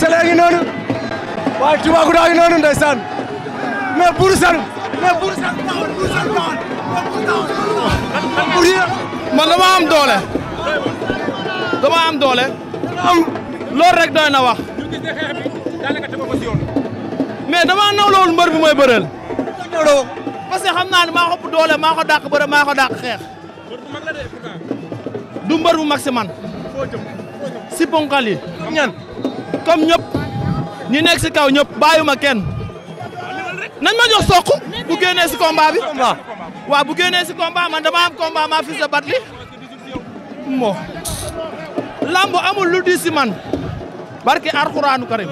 Sele ngi noonu waaye Toubacouta ngi noonu ndeysaan mais Bour Saloum mais Bour Saloum taxawal Bour Saloum taxawal man dama am doole am doole. loolu rek doy na wax. mais damaa naw loolu mbër bi mooy bëreel. que xam naa ne maa ko ëpp doole maa ko dàq ma maa ko dàq xeex. du mbër bu mag si man. si ponkal yi. ñan ñëpp. ñi nekk si kaw ñëpp bàyyuma kenn. nañ ma jox soq. bu génnee si combat bi. waaw si combat man dama am combat maa fi sa bat li moo lamb amul lu di si man barke Alxuraanu Karim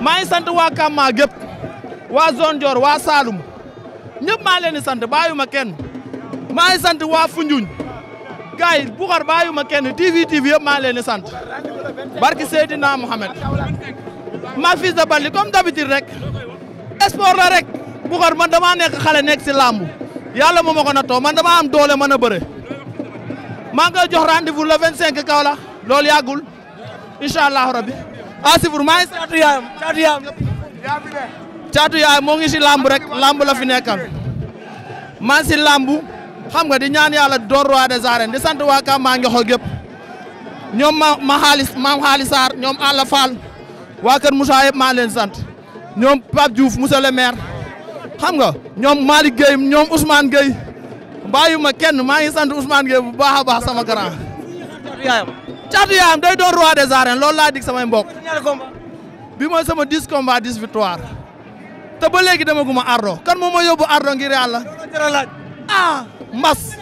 maa ngi sant waa Kamma gépp waa zone Dior waa Saloum ñëpp maa leen di sant bàyyuma kenn maa ngi sant waa Foundiougne gars yi Boukhar bàyyuma kenn TV yëpp maa leen di sant barke Seydina Mohamed ma fils de Bally comme rek sport la rek Boukhar man damaa nekk xale nekk si lamb yàlla moo ma ko nattoo man damaa am doole mën a bëre maa ngi koy jox rendez-vous le 25 Kaolack loolu yàggul incha allah rabbi asifur maa ngi caatu yaayam caatu yaayam moo ngi si lamb rek lamb la fi nekkal maa si lamb xam nga di ñaan yàlla door roi des arènes di sant waa Kamb maa ngi xoog ñoom ma ma xaalis maam xaalis Sarr ñoom Alla Fall waa kër Moussa yëpp maa sant ñoom Pape Diouf monsieur le maire xam nga ñoom Malick Gueye ñoom Ousmane Gueye bàyyi ma kenn maa ngi sant Ousmane Gueye bu baax a sama grand. caatu yaayam day doon roi des arènes loolu laa dig samay mbokk. bi mooy sama 10 combats 10 victoire te ba léegi demaguma ardo kan moom ma yóbbu ardo ngir yàlla ah mbas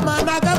Jamana